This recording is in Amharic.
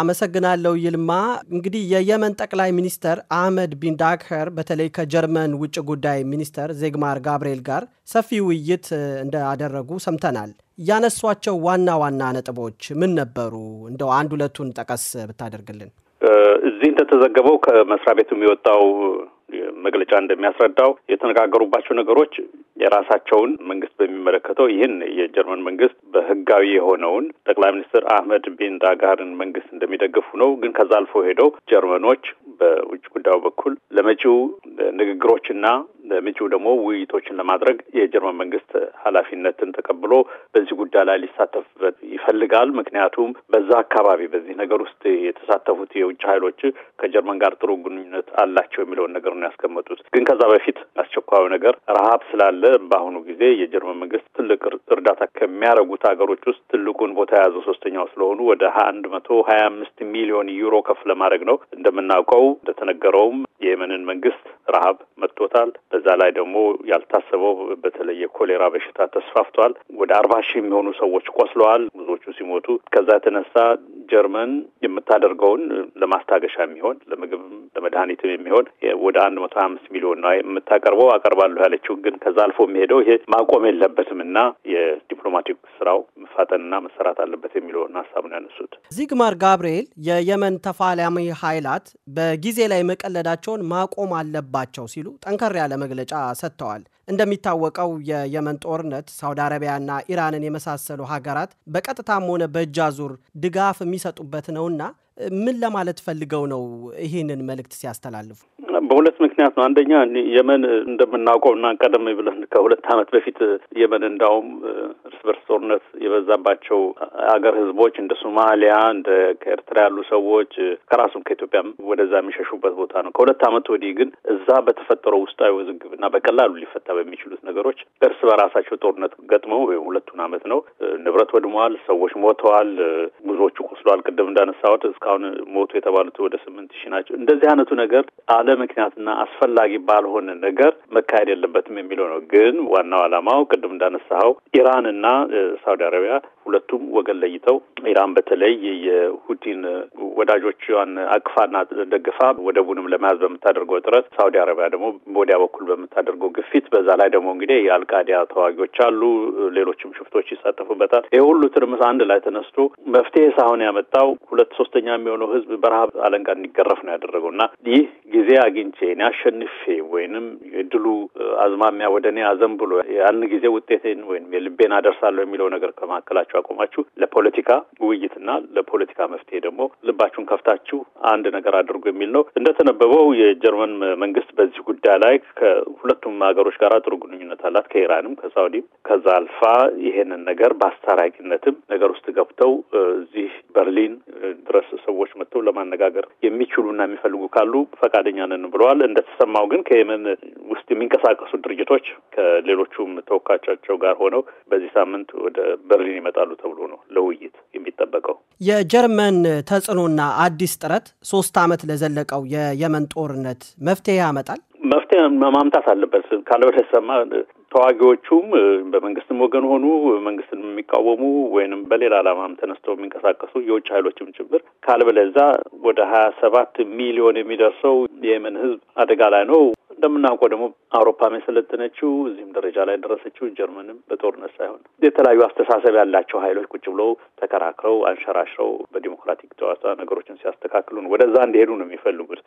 አመሰግናለሁ ይልማ። እንግዲህ የየመን ጠቅላይ ሚኒስተር አህመድ ቢን በተለይ ከጀርመን ውጭ ጉዳይ ሚኒስተር ዜግማር ጋብርኤል ጋር ሰፊ ውይይት እንዳደረጉ ሰምተናል። ያነሷቸው ዋና ዋና ነጥቦች ምን ነበሩ? እንደው አንድ ሁለቱን ጠቀስ ብታደርግልን። እዚህ እንደተዘገበው ከመስሪያ ቤቱ የሚወጣው መግለጫ እንደሚያስረዳው የተነጋገሩባቸው ነገሮች የራሳቸውን መንግስት በሚመለከተው ይህን የጀርመን መንግስት በህጋዊ የሆነውን ጠቅላይ ሚኒስትር አህመድ ቢን ዳጋርን መንግስት እንደሚደግፉ ነው። ግን ከዛ አልፎ ሄደው ጀርመኖች በውጭ ጉዳዩ በኩል ለመጪው ንግግሮችና ለምጪው ደግሞ ውይይቶችን ለማድረግ የጀርመን መንግስት ኃላፊነትን ተቀብሎ በዚህ ጉዳይ ላይ ሊሳተፍበት ይፈልጋል። ምክንያቱም በዛ አካባቢ በዚህ ነገር ውስጥ የተሳተፉት የውጭ ኃይሎች ከጀርመን ጋር ጥሩ ግንኙነት አላቸው የሚለውን ነገር ነው ያስቀመጡት። ግን ከዛ በፊት አስቸኳዩ ነገር ረሀብ ስላለ በአሁኑ ጊዜ የጀርመን መንግስት ትልቅ እርዳታ ከሚያደርጉት ሀገሮች ውስጥ ትልቁን ቦታ የያዘው ሶስተኛው ስለሆኑ ወደ አንድ መቶ ሀያ አምስት ሚሊዮን ዩሮ ከፍ ለማድረግ ነው እንደምናውቀው እንደተነገረውም የየመንን መንግስት ረሀብ መጥቶታል። በዛ ላይ ደግሞ ያልታሰበው በተለይ የኮሌራ በሽታ ተስፋፍቷል። ወደ አርባ ሺህ የሚሆኑ ሰዎች ቆስለዋል፣ ብዙዎቹ ሲሞቱ። ከዛ የተነሳ ጀርመን የምታደርገውን ለማስታገሻ የሚሆን ለምግብ ለመድኃኒትም የሚሆን ወደ አንድ መቶ ሀያ አምስት ሚሊዮን ነው የምታቀርበው አቀርባለሁ ያለችው። ግን ከዛ አልፎ የሚሄደው ይሄ ማቆም የለበትም እና የዲፕሎማቲክ ስራው መፋጠንና መሰራት አለበት የሚለውን ሀሳብ ነው ያነሱት። ዚግማር ጋብርኤል የየመን ተፋላሚ ኃይላት በጊዜ ላይ መቀለዳቸውን ማቆም አለባቸው ሲሉ ጠንከር ያለ መግለጫ ሰጥተዋል። እንደሚታወቀው የየመን ጦርነት ሳውዲ አረቢያና ኢራንን የመሳሰሉ ሀገራት በቀጥታም ሆነ በእጅ አዙር ድጋፍ የሚሰጡበት ነውና ምን ለማለት ፈልገው ነው ይህንን መልእክት ሲያስተላልፉ? በሁለት ምክንያት ነው። አንደኛ የመን እንደምናውቀው እና ቀደም ብለን ከሁለት ዓመት በፊት የመን እንዳውም እርስ በርስ ጦርነት የበዛባቸው አገር ህዝቦች እንደ ሶማሊያ እንደ ከኤርትራ ያሉ ሰዎች ከራሱም ከኢትዮጵያ ወደዛ የሚሸሹበት ቦታ ነው። ከሁለት ዓመት ወዲህ ግን እዛ በተፈጠረው ውስጣዊ ውዝግብና በቀላሉ ሊፈታ በሚችሉት ነገሮች እርስ በራሳቸው ጦርነት ገጥመው ሁለቱን ዓመት ነው። ንብረት ወድመዋል፣ ሰዎች ሞተዋል፣ ብዙዎቹ ቆስለዋል። ቅድም እንዳነሳሁት እስካሁን ሞቱ የተባሉት ወደ ስምንት ሺህ ናቸው። እንደዚህ አይነቱ ነገር አለ ምክንያትና አስፈላጊ ባልሆነ ነገር መካሄድ የለበትም የሚለው ነው። ግን ዋናው ዓላማው ቅድም እንዳነሳኸው ኢራንን እና ሳውዲ አረቢያ ሁለቱም ወገን ለይተው ኢራን በተለይ የሁቲን ወዳጆቿን አቅፋና ደግፋ ወደቡንም ለመያዝ በምታደርገው ጥረት፣ ሳውዲ አረቢያ ደግሞ በወዲያ በኩል በምታደርገው ግፊት፣ በዛ ላይ ደግሞ እንግዲህ የአልቃዲያ ተዋጊዎች አሉ፣ ሌሎችም ሽፍቶች ይሳተፉበታል። ይህ ሁሉ ትርምስ አንድ ላይ ተነስቶ መፍትሄ ሳይሆን ያመጣው ሁለት ሶስተኛ የሚሆነው ህዝብ በረሃብ አለንጋ እንዲገረፍ ነው ያደረገው እና ይህ ጊዜ አግኝቼ እኔ አሸንፌ ወይንም የድሉ አዝማሚያ ወደ እኔ አዘንብሎ ብሎ ያን ጊዜ ውጤቴን ወይም የልቤን አደርሳለሁ የሚለው ነገር ከመካከላቸው ብላችሁ አቆማችሁ ለፖለቲካ ውይይትና ለፖለቲካ መፍትሄ ደግሞ ልባችሁን ከፍታችሁ አንድ ነገር አድርጉ የሚል ነው። እንደተነበበው የጀርመን መንግስት በዚህ ጉዳይ ላይ ከሁለቱም ሀገሮች ጋር ጥሩ ግንኙነት አላት፣ ከኢራንም ከሳውዲም። ከዛ አልፋ ይሄንን ነገር በአስታራቂነትም ነገር ውስጥ ገብተው እዚህ በርሊን ድረስ ሰዎች መጥተው ለማነጋገር የሚችሉና የሚፈልጉ ካሉ ፈቃደኛ ነን ብለዋል። እንደተሰማው ግን ከየመን ውስጥ የሚንቀሳቀሱ ድርጅቶች ከሌሎቹም ተወካዮቻቸው ጋር ሆነው በዚህ ሳምንት ወደ በርሊን ይመጣሉ ተብሎ ነው ለውይይት የሚጠበቀው። የጀርመን ተጽዕኖና አዲስ ጥረት ሶስት ዓመት ለዘለቀው የየመን ጦርነት መፍትሄ ያመጣል። መፍትሄ ማምጣት አለበት። ካለበለዚያማ ተዋጊዎቹም በመንግስትም ወገን ሆኑ መንግስትን የሚቃወሙ ወይንም በሌላ ዓላማም ተነስተው የሚንቀሳቀሱ የውጭ ኃይሎችም ጭምር ካልበለዛ ወደ ሀያ ሰባት ሚሊዮን የሚደርሰው የየመን ህዝብ አደጋ ላይ ነው። እንደምናውቀው ደግሞ አውሮፓም የሰለጠነችው እዚህም ደረጃ ላይ ደረሰችው ጀርመንም በጦርነት ሳይሆን የተለያዩ አስተሳሰብ ያላቸው ኃይሎች ቁጭ ብለው ተከራክረው አንሸራሽረው በዲሞክራቲክ ጨዋታ ነገሮችን ሲያስተካክሉን ወደዛ እንዲሄዱ ነው የሚፈልጉት።